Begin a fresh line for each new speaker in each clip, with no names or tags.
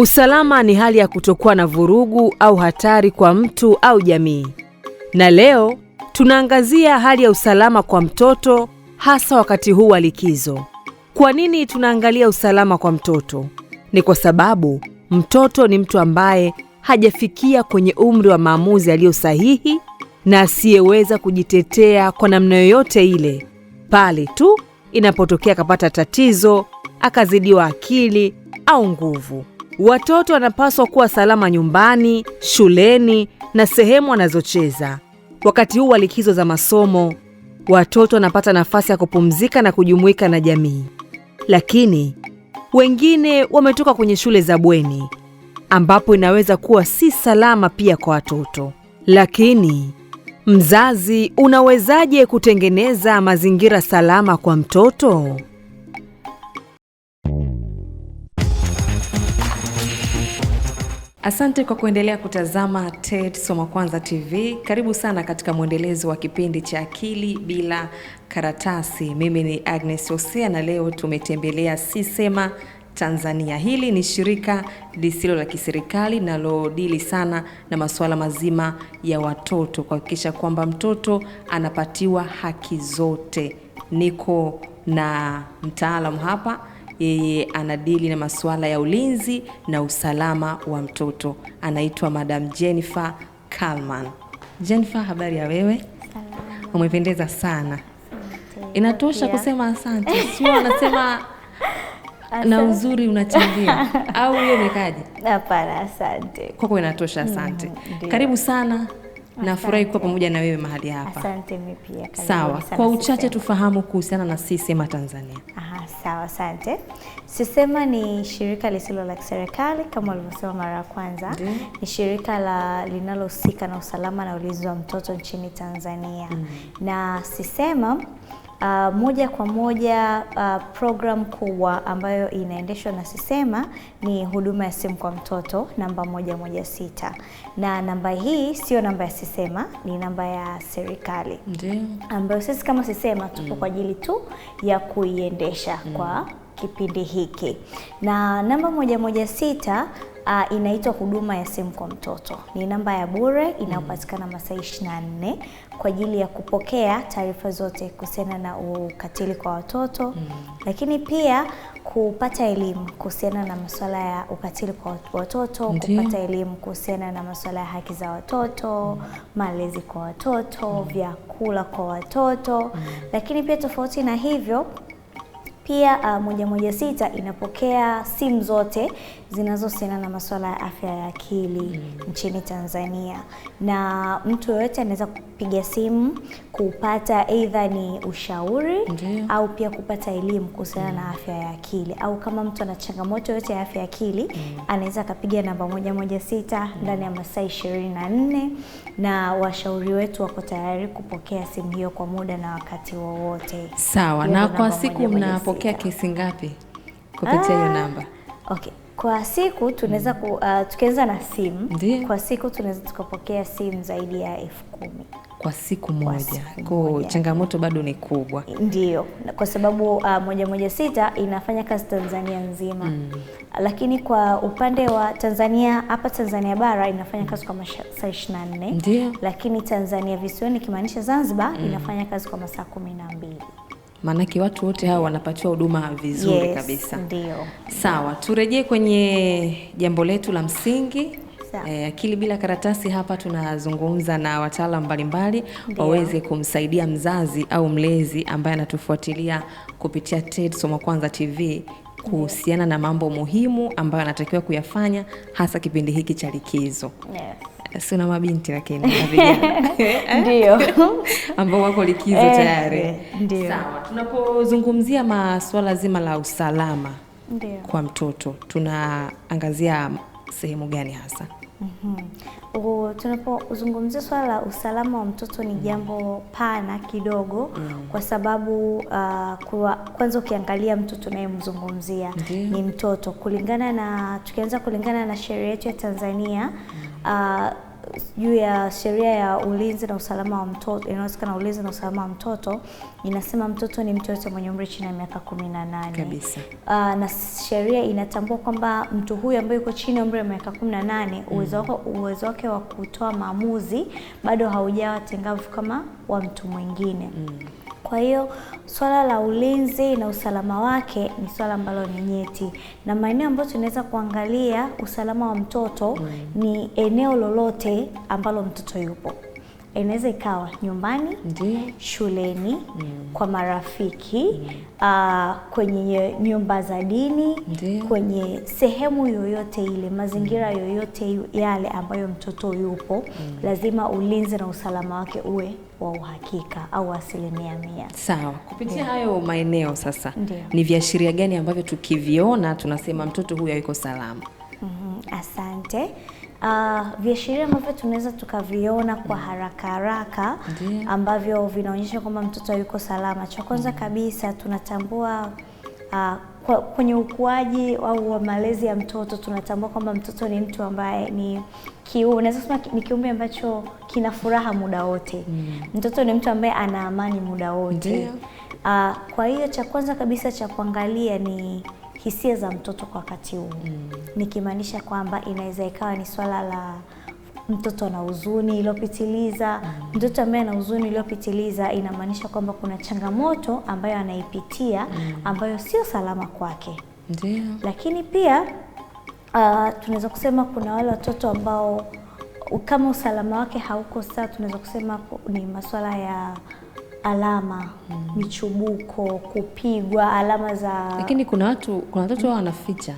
Usalama ni hali ya kutokuwa na vurugu au hatari kwa mtu au jamii. Na leo tunaangazia hali ya usalama kwa mtoto hasa wakati huu wa likizo. Kwa nini tunaangalia usalama kwa mtoto? Ni kwa sababu mtoto ni mtu ambaye hajafikia kwenye umri wa maamuzi yaliyo sahihi na asiyeweza kujitetea kwa namna yoyote ile, pale tu inapotokea akapata tatizo, akazidiwa akili au nguvu. Watoto wanapaswa kuwa salama nyumbani, shuleni na sehemu wanazocheza. Wakati huu wa likizo za masomo, watoto wanapata nafasi ya kupumzika na kujumuika na jamii, lakini wengine wametoka kwenye shule za bweni ambapo inaweza kuwa si salama pia kwa watoto. Lakini mzazi, unawezaje kutengeneza mazingira salama kwa mtoto?
Asante kwa kuendelea kutazama TET Soma Kwanza TV. Karibu sana katika mwendelezo wa kipindi cha Akili Bila Karatasi. Mimi ni Agnes Hosea na leo tumetembelea Sisema Tanzania. Hili ni shirika lisilo la kiserikali linalodili sana na masuala mazima ya watoto, kuhakikisha kwamba mtoto anapatiwa haki zote. Niko na mtaalamu hapa yeye anadili na masuala ya ulinzi na usalama wa mtoto. Anaitwa Madam Jennifer Kalman. Jennifer, habari ya wewe? Salama. Umependeza sana. Inatosha yeah, kusema asante, sio? Anasema na uzuri unachangia au hiyo imekaje?
Hapana, asante.
Kwako inatosha, asante. Mm, karibu sana Nafurahi kuwa pamoja na wewe mahali hapa.
Asante mimi pia.
Sawa, kwa uchache tufahamu kuhusiana na Sisema Tanzania.
Aha, sawa, asante. Sisema ni shirika lisilo la kiserikali kama ulivyosema mara ya kwanza. Mm. Ni shirika la linalohusika na usalama na ulinzi wa mtoto nchini Tanzania. Mm. Na Sisema uh, moja kwa moja uh, program kubwa ambayo inaendeshwa na Sisema ni huduma ya simu kwa mtoto namba moja moja sita, na namba hii sio namba ya Sisema, ni namba ya serikali ambayo sisi kama Sisema tupo mm. kwa ajili tu ya kuiendesha mm. kwa kipindi hiki. Na namba moja moja sita Uh, inaitwa huduma ya simu kwa mtoto. Ni namba ya bure inayopatikana masaa 24 kwa ajili ya kupokea taarifa zote kuhusiana na ukatili kwa watoto mm. Lakini pia kupata elimu kuhusiana na masuala ya ukatili kwa watoto Ndiyo. Kupata elimu kuhusiana na masuala ya haki za watoto mm. Malezi kwa watoto mm. Vyakula kwa watoto mm. Lakini pia tofauti na hivyo pia uh, moja moja sita inapokea simu zote zinazohusiana na masuala ya afya ya akili mm. nchini Tanzania, na mtu yoyote anaweza kupiga simu kupata aidha ni ushauri Ndiyo. au pia kupata elimu kuhusiana na mm. afya ya akili, au kama mtu ana changamoto yoyote ya afya ya akili mm. anaweza akapiga namba moja moja sita ndani ya masaa ishirini na nne na washauri wetu wako tayari kupokea simu hiyo kwa muda na wakati wowote.
Sawa, na kwa siku mnapo Umepokea kesi ngapi kupitia hiyo ah, namba?
Okay. Kwa siku tunaweza mm. uh, tukianza na simu. Ndiye. Kwa siku tunaweza tukapokea simu zaidi ya elfu kumi
kwa siku moja. Kwa changamoto bado ni kubwa,
ndio kwa sababu uh, moja moja sita inafanya kazi Tanzania nzima mm. Lakini kwa upande wa Tanzania hapa Tanzania bara inafanya kazi kwa masaa 24. na lakini Tanzania visiwani kimaanisha Zanzibar mm. inafanya kazi kwa masaa kumi na mbili
maanake watu wote hawa wanapatiwa huduma vizuri yes, kabisa. Ndio. Sawa, turejee kwenye jambo letu la msingi e, akili bila karatasi. Hapa tunazungumza na wataalamu mbalimbali waweze kumsaidia mzazi au mlezi ambaye anatufuatilia kupitia TET Soma Kwanza TV kuhusiana na mambo muhimu ambayo anatakiwa kuyafanya hasa kipindi hiki cha likizo. Yes si mabinti lakini
ndio
ambao wako likizo eh, tayari. Ndio sawa. Tunapozungumzia masuala zima la usalama Ndiyo. kwa mtoto tunaangazia sehemu gani hasa? Mm
-hmm. Tunapozungumzia swala la usalama wa mtoto ni jambo pana kidogo mm -hmm. Kwa sababu uh, kwa, kwanza ukiangalia mtoto unayemzungumzia mm -hmm. ni mtoto kulingana na tukianza kulingana na sheria yetu ya Tanzania mm -hmm. uh, juu ya sheria ya ulinzi na usalama wa mtoto inayohusika na ulinzi na usalama wa mtoto inasema mtoto ni mtu yote mwenye umri chini ya miaka kumi na nane kabisa. Uh, na sheria inatambua kwamba mtu huyu ambaye yuko chini ya umri wa miaka kumi na nane mm. uwezo wake wa kutoa maamuzi bado haujawa tengavu kama wa mtu mwingine mm. Kwa hiyo swala la ulinzi na usalama wake ni swala ambalo ni nyeti, na maeneo ambayo tunaweza kuangalia usalama wa mtoto mm. ni eneo lolote ambalo mtoto yupo inaweza ikawa nyumbani, Ndiyo. shuleni mm. kwa marafiki mm. uh, kwenye nyumba za dini Ndiyo. kwenye sehemu yoyote ile, mazingira yoyote yale ambayo mtoto yupo mm. lazima ulinzi na usalama wake uwe wa uhakika au asilimia mia.
Sawa. Kupitia Ndiyo. hayo maeneo sasa, Ndiyo. ni viashiria gani ambavyo tukiviona tunasema mtoto huyu yuko salama? mm
-hmm. Asante. Uh, viashiria ambavyo tunaweza tukaviona kwa mm. haraka haraka ambavyo vinaonyesha kwamba mtoto yuko salama, cha kwanza mm. kabisa tunatambua uh, kwenye ukuaji au wa malezi ya mtoto tunatambua kwamba mtoto ni mtu ambaye ni kiu, unaweza kusema ni kiumbe ambacho kina furaha muda wote mm. Mtoto ni mtu ambaye ana amani muda wote uh, kwa hiyo cha kwanza kabisa cha kuangalia ni hisia za mtoto kwa wakati huu mm. Nikimaanisha kwamba inaweza ikawa ni swala la mtoto na huzuni iliyopitiliza mm. Mtoto ambaye ana huzuni iliyopitiliza inamaanisha kwamba kuna changamoto ambayo anaipitia mm. ambayo sio salama kwake, ndio. Lakini pia uh, tunaweza kusema kuna wale watoto ambao kama usalama wake hauko sawa, tunaweza kusema ni masuala ya alama mm. michubuko, kupigwa alama za.
Lakini kuna watu, kuna watoto wanaficha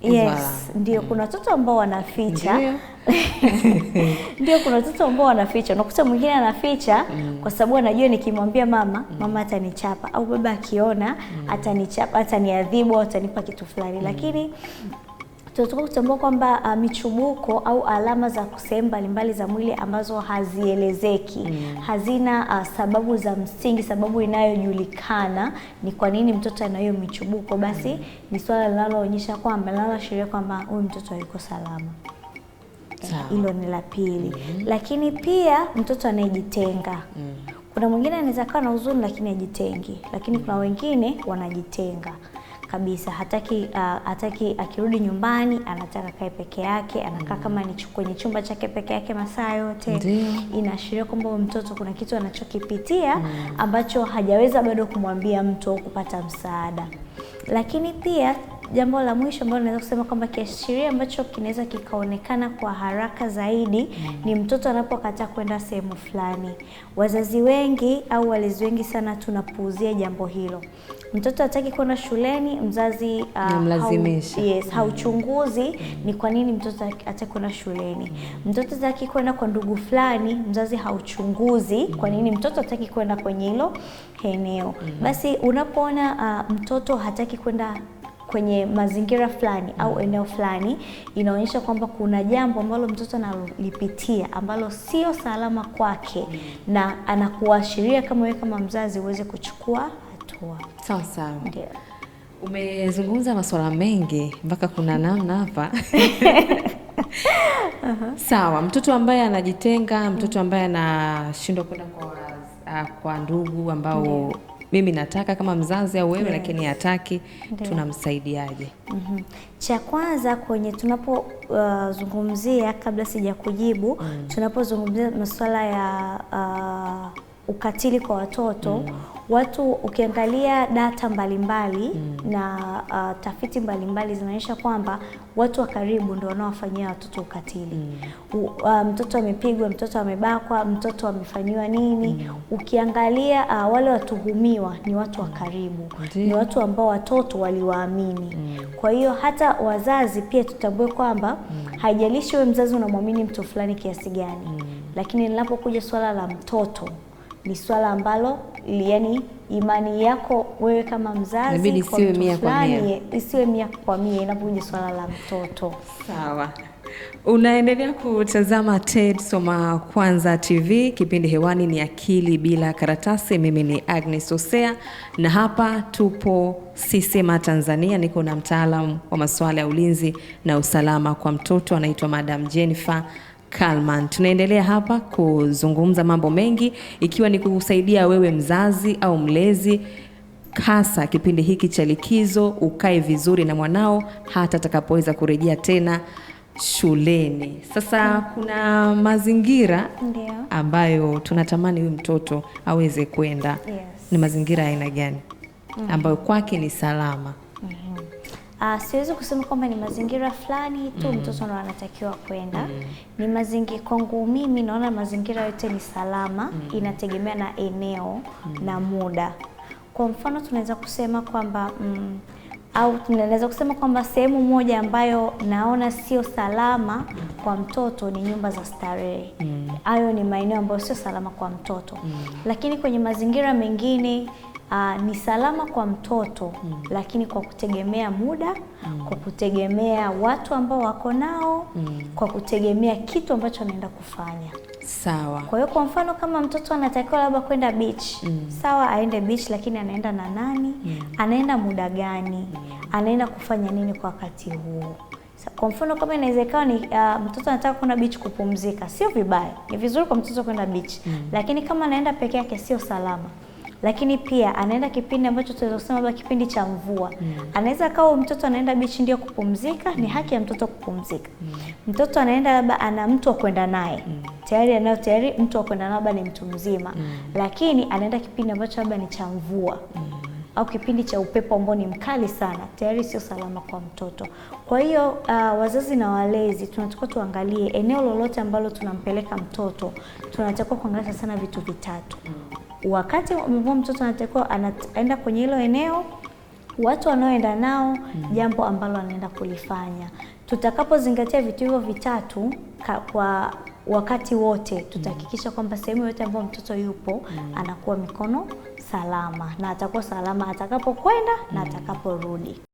Yes, ndio kuna mm. watoto ambao wanaficha ndio kuna watoto ambao wanaficha. Unakuta mwingine anaficha mm. kwa sababu anajua nikimwambia mama mm. mama atanichapa au baba akiona mm. atanichapa, ataniadhibu au atanipa kitu fulani mm. lakini tunatakiwa kutambua kwamba uh, michubuko au alama za sehemu mbalimbali za mwili ambazo hazielezeki mm. hazina uh, sababu za msingi, sababu inayojulikana ni kwa nini mtoto ana hiyo michubuko, basi mm. ni swala linaloonyesha kwamba linaloashiria kwamba huyu mtoto hayuko salama. Hilo ni la pili. mm. Lakini pia mtoto anayejitenga mm. kuna mwingine anaweza kuwa na huzuni lakini ajitengi, lakini kuna wengine wanajitenga kabisa, hataki uh, hataki akirudi nyumbani anataka kae peke yake, anakaa kama ni kwenye chumba chake peke yake masaa yote. Inaashiria kwamba mtoto kuna kitu anachokipitia mm. ambacho hajaweza bado kumwambia mtu au kupata msaada, lakini pia Jambo la mwisho ambalo naweza kusema kwamba kiashiria ambacho kinaweza kikaonekana kwa haraka zaidi mm. ni mtoto anapokataa kwenda sehemu fulani. Wazazi wengi au walezi wengi sana tunapuuzia jambo hilo. Mtoto hataki kwenda shuleni, mzazi
uh, hau, yes,
mm. hauchunguzi mm. ni kwa nini mtoto hataki kwenda shuleni mm. mtoto hataki kwenda kwa ndugu fulani, mzazi hauchunguzi mm. kwa nini mtoto hataki kwenda kwenye hilo eneo mm. Basi unapoona uh, mtoto hataki kwenda kwenye mazingira fulani au mm. eneo fulani, inaonyesha kwamba kuna jambo ambalo mtoto analipitia ambalo sio salama kwake, mm. na anakuashiria kama wewe kama mzazi uweze kuchukua hatua.
Sawa sawa, ndio. Umezungumza masuala mengi mpaka kuna namna hapa Sawa, mtoto ambaye anajitenga, mtoto ambaye anashindwa kwenda kwa, uh, kwa ndugu ambao mimi nataka kama mzazi au wewe yes. Lakini hataki, tunamsaidiaje? mm -hmm.
Cha kwanza kwenye tunapozungumzia uh, kabla sija kujibu mm. tunapozungumzia masuala ya uh, ukatili kwa watoto mm watu ukiangalia data mbalimbali mm. na uh, tafiti mbalimbali zinaonyesha kwamba watu wa karibu ndio wanaowafanyia watoto ukatili mm. U, uh, mtoto amepigwa, mtoto amebakwa, mtoto amefanyiwa nini mm. Ukiangalia uh, wale watuhumiwa ni watu wa karibu mm. Ni watu ambao watoto waliwaamini mm. Kwa hiyo hata wazazi pia tutambue kwamba mm. haijalishi wewe mzazi unamwamini mtu fulani kiasi gani mm. Lakini linapokuja swala la mtoto ni swala ambalo yani imani yako wewe kama mzazi isiwe mia kwa mia inapokuja swala la mtoto.
Sawa. Unaendelea kutazama TET Soma Kwanza TV. Kipindi hewani ni Akili Bila Karatasi. Mimi ni Agnes Osea na hapa tupo Sisema Tanzania. Niko na mtaalamu wa masuala ya ulinzi na usalama kwa mtoto, anaitwa Madam Jennifer Kalman. Tunaendelea hapa kuzungumza mambo mengi ikiwa ni kukusaidia wewe mzazi au mlezi hasa kipindi hiki cha likizo ukae vizuri na mwanao hata atakapoweza kurejea tena shuleni. Sasa kuna mazingira Ndiyo. ambayo tunatamani huyu mtoto aweze kwenda. Yes. Ni mazingira aina gani? Mm. ambayo kwake ni salama.
Uh, siwezi kusema kwamba ni mazingira fulani tu mm -hmm. mtoto ndo anatakiwa kwenda mm -hmm. ni mazingira, kwangu mimi naona mazingira yote ni salama mm -hmm. inategemea na eneo mm -hmm. na muda. Kwa mfano tunaweza kusema kwamba mm, au tunaweza kusema kwamba sehemu moja ambayo naona sio salama kwa mtoto ni nyumba za starehe. Mm. Hayo mm. ni maeneo ambayo sio salama kwa mtoto mm. lakini kwenye mazingira mengine Uh, ni salama kwa mtoto mm. Lakini kwa kutegemea muda mm. Kwa kutegemea watu ambao wako nao mm. Kwa kutegemea kitu ambacho anaenda kufanya
sawa.
Kwa hiyo kwa mfano kama mtoto anatakiwa labda kwenda beach mm. Sawa, aende beach, lakini anaenda na nani mm. Anaenda muda gani mm. Anaenda kufanya nini kwa wakati huo? Kwa mfano kama ikawa ni uh, mtoto anataka kwenda beach kupumzika, sio vibaya, ni vizuri kwa mtoto kwenda beach mm. Lakini kama anaenda peke yake sio salama lakini pia anaenda kipindi ambacho tunaweza kusema labda kipindi cha mvua mm. anaweza akawa mtoto anaenda bichi ndio kupumzika mm. ni haki ya mtoto kupumzika mm. mtoto anaenda labda ana mtu wa kwenda naye mm. tayari anayo tayari mtu wa kwenda naye labda ni mtu mzima mm. lakini anaenda kipindi ambacho labda ni cha mvua mm au kipindi cha upepo ambao ni mkali sana, tayari sio salama kwa mtoto. Kwa hiyo uh, wazazi na walezi tunatakiwa tuangalie eneo lolote ambalo tunampeleka mtoto, tunatakiwa kuangalia sana vitu vitatu. Mm wakati mvua mtoto anatakiwa anaenda kwenye hilo eneo, watu wanaoenda nao, hmm. jambo ambalo anaenda kulifanya. Tutakapozingatia vitu hivyo vitatu kwa wakati wote, tutahakikisha hmm. kwamba sehemu yote ambayo mtoto yupo hmm. anakuwa mikono salama na atakuwa salama atakapokwenda na atakaporudi.